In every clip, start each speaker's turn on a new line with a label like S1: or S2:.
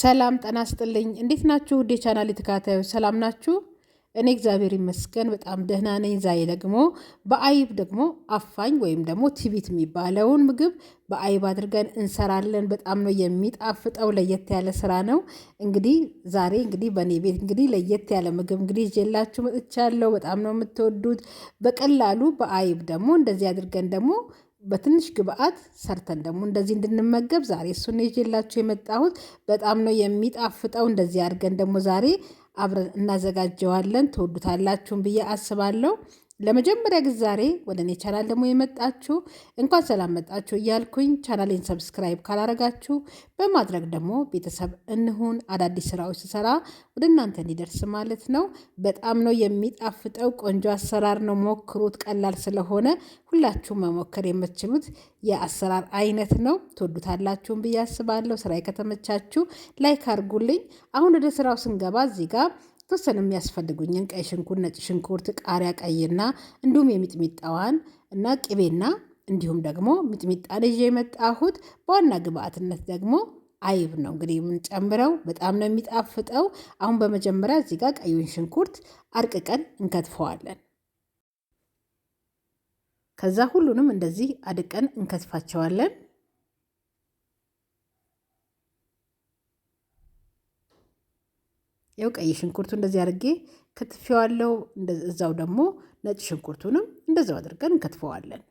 S1: ሰላም ጠና ስጥልኝ። እንዴት ናችሁ? ውዴ ቻናል የተካታዮች ሰላም ናችሁ? እኔ እግዚአብሔር ይመስገን በጣም ደህና ነኝ። ዛሬ ደግሞ በአይብ ደግሞ አፋኝ ወይም ደግሞ ቲቢት የሚባለውን ምግብ በአይብ አድርገን እንሰራለን። በጣም ነው የሚጣፍጠው። ለየት ያለ ስራ ነው። እንግዲህ ዛሬ እንግዲህ በእኔ ቤት እንግዲህ ለየት ያለ ምግብ እንግዲህ ይዤላችሁ መጥቻለሁ። በጣም ነው የምትወዱት። በቀላሉ በአይብ ደግሞ እንደዚህ አድርገን ደግሞ በትንሽ ግብአት ሰርተን ደግሞ እንደዚህ እንድንመገብ ዛሬ እሱን ይዤላችሁ የመጣሁት በጣም ነው የሚጣፍጠው። እንደዚህ አድርገን ደግሞ ዛሬ አብረን እናዘጋጀዋለን። ትወዱታላችሁን ብዬ አስባለሁ። ለመጀመሪያ ጊዜ ዛሬ ወደ እኔ ቻናል ደግሞ የመጣችሁ እንኳን ሰላም መጣችሁ እያልኩኝ ቻናሌን ሰብስክራይብ ካላረጋችሁ በማድረግ ደግሞ ቤተሰብ እንሁን። አዳዲስ ስራዎች ስሰራ ወደ እናንተ እንዲደርስ ማለት ነው። በጣም ነው የሚጣፍጠው። ቆንጆ አሰራር ነው፣ ሞክሩት። ቀላል ስለሆነ ሁላችሁ መሞከር የምትችሉት የአሰራር አይነት ነው። ትወዱታላችሁን ብዬ አስባለሁ። ስራዬ ከተመቻችሁ ላይክ አድርጉልኝ። አሁን ወደ ስራው ስንገባ እዚህ ጋር ተወሰነ የሚያስፈልጉኝን ቀይ ሽንኩርት፣ ነጭ ሽንኩርት፣ ቃሪያ ቀይና እንዲሁም የሚጥሚጣዋን እና ቅቤና እንዲሁም ደግሞ ሚጥሚጣን ይዤ የመጣሁት በዋና ግብአትነት ደግሞ አይብ ነው እንግዲህ የምንጨምረው። በጣም ነው የሚጣፍጠው። አሁን በመጀመሪያ እዚህ ጋር ቀዩን ሽንኩርት አርቅቀን እንከትፈዋለን። ከዛ ሁሉንም እንደዚህ አድቀን እንከትፋቸዋለን። ያው ቀይ ሽንኩርቱ እንደዚህ አድርጌ ከትፌዋለሁ። እዛው ደግሞ ነጭ ሽንኩርቱንም እንደዛው አድርገን እንከትፈዋለን።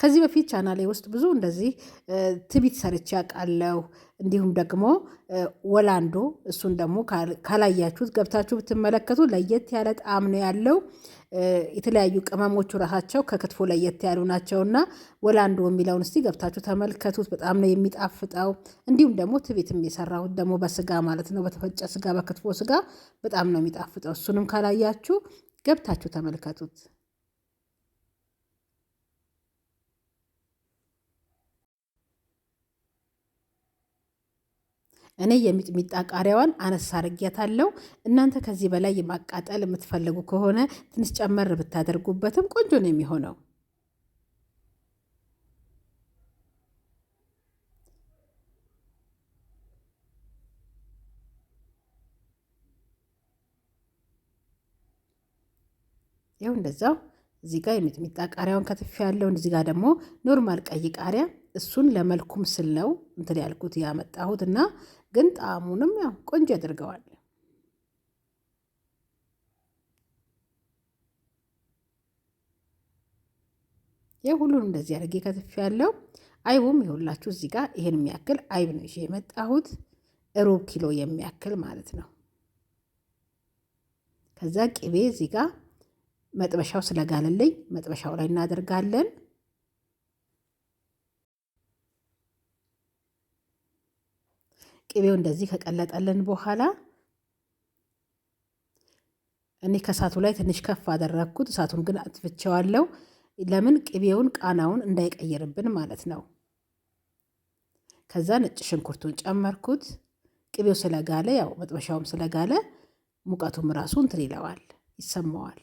S1: ከዚህ በፊት ቻናሌ ውስጥ ብዙ እንደዚህ ትቢት ሰርቼ አውቃለሁ። እንዲሁም ደግሞ ወላንዶ፣ እሱን ደግሞ ካላያችሁት ገብታችሁ ብትመለከቱ ለየት ያለ ጣዕም ነው ያለው። የተለያዩ ቅመሞቹ ራሳቸው ከክትፎ ለየት ያሉ እና ወላንዶ የሚለውን እስቲ ገብታችሁ ተመልከቱት። በጣም ነው የሚጣፍጠው። እንዲሁም ደግሞ ትቤትም የሰራሁት ደግሞ በስጋ ማለት ነው፣ በተፈጨ ስጋ፣ በክትፎ ስጋ በጣም ነው የሚጣፍጠው። እሱንም ካላያችሁ ገብታችሁ ተመልከቱት። እኔ የሚጥሚጣ ቃሪያዋን አነሳ አርጌታለሁ። እናንተ ከዚህ በላይ የማቃጠል የምትፈልጉ ከሆነ ትንሽ ጨመር ብታደርጉበትም ቆንጆ ነው የሚሆነው። ይኸው እንደዛው እዚህ ጋር የሚጥሚጣ ቃሪያውን ከትፌ ያለው። እዚህ ጋር ደግሞ ኖርማል ቀይ ቃሪያ እሱን ለመልኩም ስል ነው እንትን ያልኩት ያመጣሁት እና ግን ጣዕሙንም ያው ቆንጆ ያደርገዋል። ይህ ሁሉን እንደዚህ አድርጌ ከትፍ ያለው አይቡም የሁላችሁ እዚህ ጋር ይሄን የሚያክል አይብ ነው ይዤ የመጣሁት ሩብ ኪሎ የሚያክል ማለት ነው። ከዛ ቅቤ እዚህ ጋር መጥበሻው ስለጋለልኝ መጥበሻው ላይ እናደርጋለን። ቅቤው እንደዚህ ከቀለጠልን በኋላ እኔ ከእሳቱ ላይ ትንሽ ከፍ አደረግኩት። እሳቱን ግን አጥፍቼዋለሁ። ለምን ቅቤውን ቃናውን እንዳይቀይርብን ማለት ነው። ከዛ ነጭ ሽንኩርቱን ጨመርኩት። ቅቤው ስለጋለ ያው መጥበሻውም ስለጋለ ሙቀቱም ራሱ እንትን ይለዋል፣ ይሰማዋል።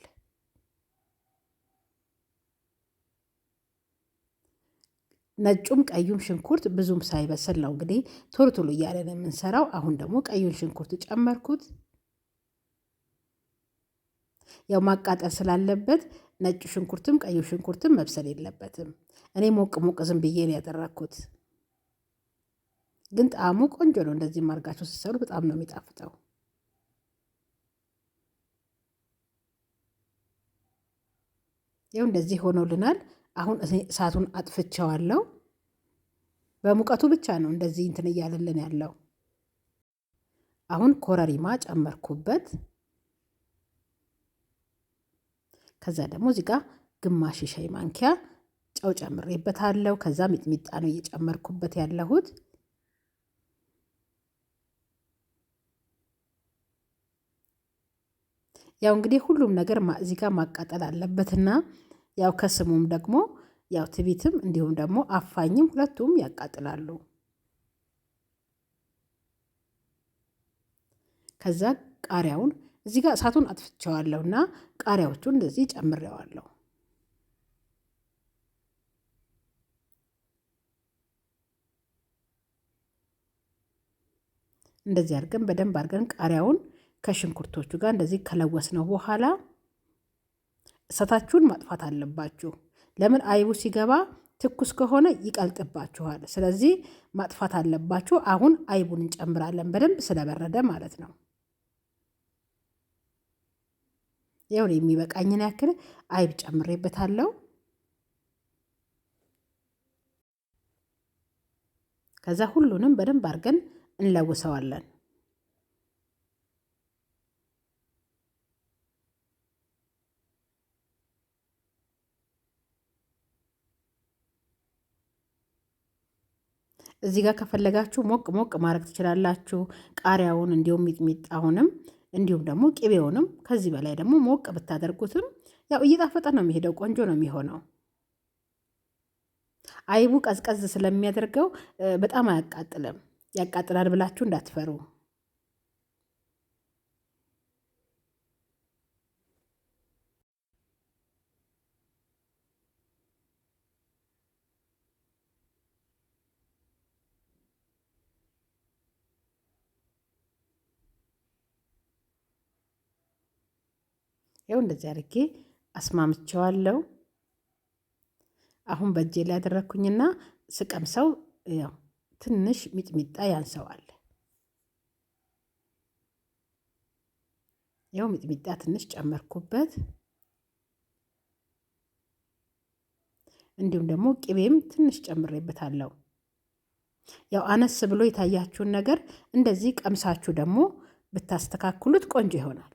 S1: ነጩም ቀዩም ሽንኩርት ብዙም ሳይበስል ነው እንግዲህ ቶሎ ቶሎ እያለን የምንሰራው። አሁን ደግሞ ቀዩን ሽንኩርት ጨመርኩት። ያው ማቃጠል ስላለበት ነጩ ሽንኩርትም ቀዩ ሽንኩርትም መብሰል የለበትም። እኔ ሞቅ ሞቅ ዝም ብዬ ነው ያደረግኩት፣ ግን ጣዕሙ ቆንጆ ነው። እንደዚህ ማርጋቸው ሲሰሩ በጣም ነው የሚጣፍጠው። ያው እንደዚህ ሆኖልናል። አሁን እሳቱን አጥፍቼዋለሁ። በሙቀቱ ብቻ ነው እንደዚህ እንትን እያለልን ያለው። አሁን ኮረሪማ ጨመርኩበት። ከዛ ደግሞ እዚህ ጋር ግማሽ ሻይ ማንኪያ ጨው ጨምሬበታለሁ። ከዛ ሚጥሚጣ ነው እየጨመርኩበት ያለሁት። ያው እንግዲህ ሁሉም ነገር እዚህ ጋር ማቃጠል አለበትና ያው ከስሙም ደግሞ ያው ትቢትም እንዲሁም ደግሞ አፋኝም ሁለቱም ያቃጥላሉ። ከዛ ቃሪያውን እዚህ ጋር እሳቱን አጥፍቼዋለሁና ቃሪያዎቹን እንደዚህ ጨምሬዋለሁ። እንደዚህ አድርገን በደንብ አድርገን ቃሪያውን ከሽንኩርቶቹ ጋር እንደዚህ ከለወስ ነው በኋላ እሳታችሁን ማጥፋት አለባችሁ። ለምን አይቡ ሲገባ ትኩስ ከሆነ ይቀልጥባችኋል። ስለዚህ ማጥፋት አለባችሁ። አሁን አይቡን እንጨምራለን፣ በደንብ ስለበረደ ማለት ነው። ይሁን የሚበቃኝን ያክል አይብ ጨምሬበታለሁ። ከዛ ሁሉንም በደንብ አድርገን እንለውሰዋለን። እዚህ ጋር ከፈለጋችሁ ሞቅ ሞቅ ማድረግ ትችላላችሁ። ቃሪያውን እንዲሁም ሚጥሚጣውንም እንዲሁም ደግሞ ቅቤውንም ከዚህ በላይ ደግሞ ሞቅ ብታደርጉትም ያው እየጣፈጠ ነው የሚሄደው። ቆንጆ ነው የሚሆነው። አይቡ ቀዝቀዝ ስለሚያደርገው በጣም አያቃጥልም። ያቃጥላል ብላችሁ እንዳትፈሩ። ይኸው እንደዚህ አድርጌ አስማምቸዋለሁ። አሁን በእጄ ላይ ያደረግኩኝና ስቀምሰው ያው ትንሽ ሚጥሚጣ ያንሰዋል። ያው ሚጥሚጣ ትንሽ ጨመርኩበት። እንዲሁም ደግሞ ቅቤም ትንሽ ጨምሬበታለሁ። ያው አነስ ብሎ የታያችሁን ነገር እንደዚህ ቀምሳችሁ ደግሞ ብታስተካክሉት ቆንጆ ይሆናል።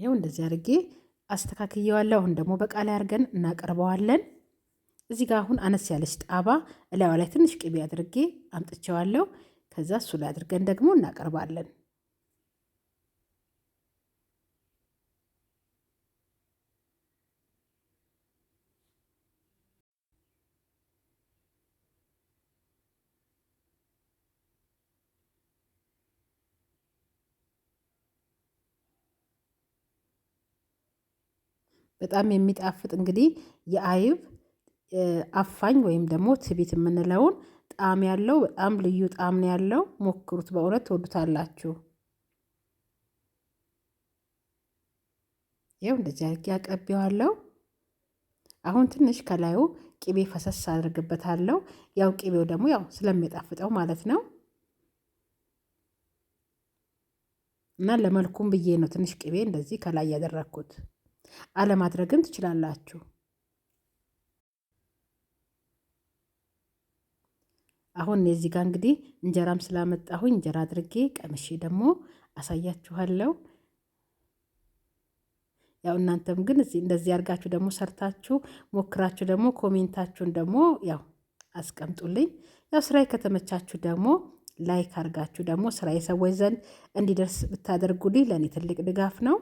S1: ይኸው እንደዚህ አድርጌ አስተካክየዋለሁ። አሁን ደግሞ በቃ ላይ አድርገን እናቀርበዋለን። እዚህ ጋር አሁን አነስ ያለች ጣባ እላዩ ላይ ትንሽ ቅቤ አድርጌ አምጥቼዋለሁ። ከዛ እሱ ላይ አድርገን ደግሞ እናቀርባለን። በጣም የሚጣፍጥ እንግዲህ የአይብ አፋኝ ወይም ደግሞ ትቢት የምንለውን ጣዕም ያለው በጣም ልዩ ጣዕም ነው ያለው። ሞክሩት፣ በእውነት ትወዱታላችሁ። ይኸው እንደዚህ አድርጌ አቀቤዋለሁ። አሁን ትንሽ ከላዩ ቅቤ ፈሰስ አድርግበታለሁ። ያው ቅቤው ደግሞ ያው ስለሚጣፍጠው ማለት ነው እና ለመልኩም ብዬ ነው ትንሽ ቅቤ እንደዚህ ከላይ ያደረግኩት። አለማድረግም ትችላላችሁ። አሁን እዚህ ጋር እንግዲህ እንጀራም ስላመጣሁኝ እንጀራ አድርጌ ቀምሼ ደግሞ አሳያችኋለሁ። ያው እናንተም ግን እንደዚህ አድርጋችሁ ደግሞ ሰርታችሁ ሞክራችሁ ደግሞ ኮሜንታችሁን ደግሞ ያው አስቀምጡልኝ። ያው ስራ ከተመቻችሁ ደግሞ ላይክ አድርጋችሁ ደግሞ ስራ ሰዎች ዘንድ እንዲደርስ ብታደርጉልኝ ለእኔ ትልቅ ድጋፍ ነው።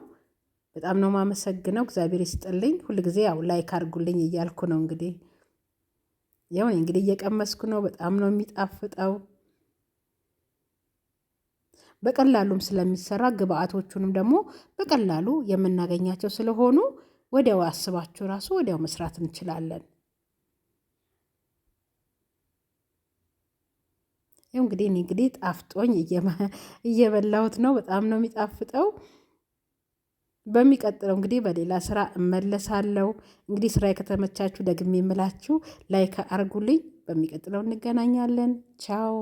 S1: በጣም ነው የማመሰግነው። እግዚአብሔር ይስጥልኝ። ሁልጊዜ ያው ላይክ አድርጉልኝ እያልኩ ነው እንግዲህ ያው እንግዲህ እየቀመስኩ ነው። በጣም ነው የሚጣፍጠው። በቀላሉም ስለሚሰራ ግብአቶቹንም ደግሞ በቀላሉ የምናገኛቸው ስለሆኑ ወዲያው አስባችሁ ራሱ ወዲያው መስራት እንችላለን። ይኸው እንግዲህ እንግዲህ ጣፍጦኝ እየበላሁት ነው። በጣም ነው የሚጣፍጠው። በሚቀጥለው እንግዲህ በሌላ ስራ እመለሳለሁ። እንግዲህ ስራ ከተመቻችሁ ደግሜ የምላችሁ ላይክ አርጉልኝ። በሚቀጥለው እንገናኛለን። ቻው